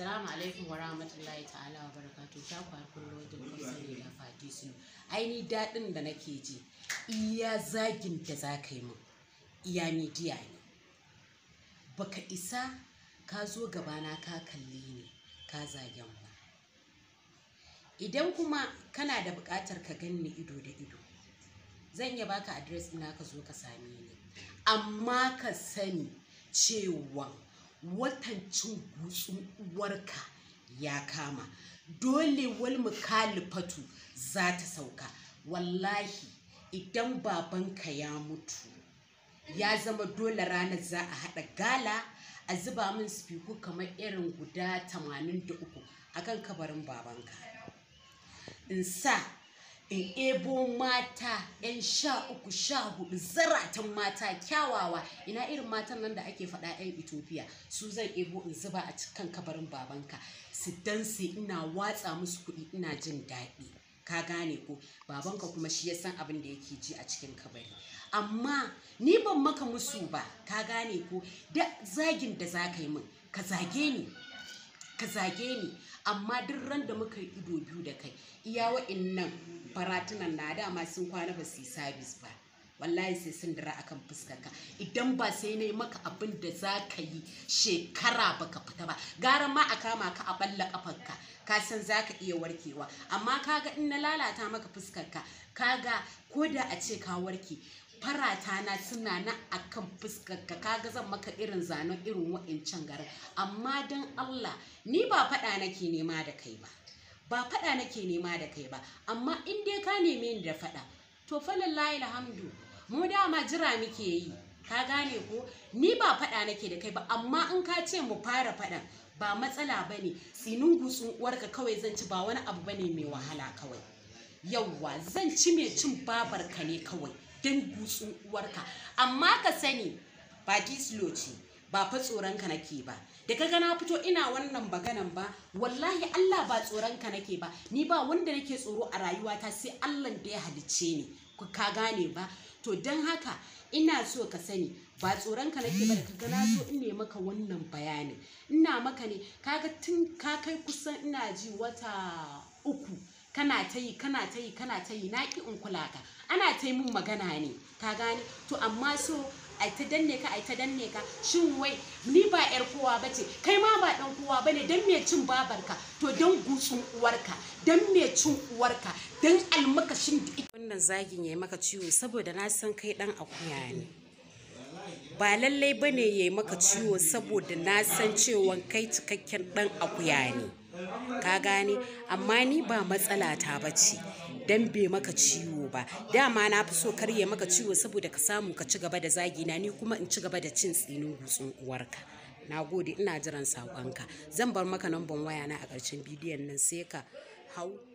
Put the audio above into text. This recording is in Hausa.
Assalamu alaikum wa rahmatullahi ta'ala wa barakatu ta kwar kullo da kusuri da fati su aini daɗin da nake ji iya zagin da za ka yi min iya midiya ne baka isa ka zo gabana ka kalli ni ka zagen mu idan kuma kana da bukatar ka ganni ido da ido zan iya baka adres ina ka zo ka same ni amma ka sani cewa watan cin gutsun uwarka ya kama dole wal mukalifatu za ta sauka wallahi idan babanka ya mutu ya zama dole ranar za a haɗa gala a zuba min spiku kamar irin guda 83 akan kabarin babanka in sa in ebo mata yan sha uku sha hudu zaratan mata kyawawa ina irin matan nan da ake faɗa yan ethiopia su zan ebo in zuba a cikin kabarin babanka su danse ina watsa musu kuɗi ina jin daɗi ka gane ko babanka kuma shi ya san abin da yake ji a cikin kabari amma ni ban maka musu ba ka gane ko da zagin da za ka yi min ka zage ni ka zage ni amma duk ran da muka yi ido biyu da kai iya wa'innan baratunan na dama sun kwana ba su yi sabis ba wallahi sai sun dira akan fuskarka idan ba sai ne maka abin da za ka yi shekara ba ka fita ba gara ma a kama ka a balla kafarka ka san za ka iya warkewa amma kaga in na lalata maka fuskarka ga ko da a ce ka warke farata na suna na akan fuskarka kaga zan maka irin zanen irin wa'incan garin amma don Allah ni ba faɗa nake nema da kai ba ba faɗa nake nema da kai ba amma in dai ka neme ni da faɗa to falallahi alhamdu mu dama jira muke yi ka gane ko ni ba faɗa nake da kai ba amma in ka ce mu fara faɗan ba matsala bane. ne sinin gutsun uwarka kawai zan ci ba wani abu ba ne mai wahala kawai yawwa zan ci mai cin babar ka ne kawai din butsun uwarka amma ka sani ba gislo ba fa tsoronka nake ba da kaga na fito ina wannan baganan ba wallahi Allah ba tsoronka nake ba ni ba wanda nake tsoro a rayuwata sai Allah da ya halicce ni ka gane ba to don haka ina so ka sani ba tsoronka nake ba da kaga na so in ne maka wannan bayanin ina maka ne kaga tun ka kai kusan ina ji wata uku kana ta yi kana ta yi kana ta yi na ki in kula ka ana ta yi mun magana ne ka gane to amma so a ta danne ka a ta danne ka shin wai ni ba yar kowa bace kai ma ba dan kowa bane dan me cin babarka to dan gutsun uwarka dan me cin uwarka dan almakashin da wannan zagin yayi maka ciwo saboda na san kai dan akuya ne ba lallai bane yayi maka ciwo saboda na san cewa kai cikakken dan akuya ne ka gane amma ni ba matsala ta bace dan bai maka ciwo ba dama na fi so karye maka ciwo saboda ka samu ka ci gaba da zagi na ni kuma in ci gaba da cin tsinin gutsun uwarka na gode ina jiran sakonka zan bar maka namban waya na a ƙarshen bidiyon nan sai ka hau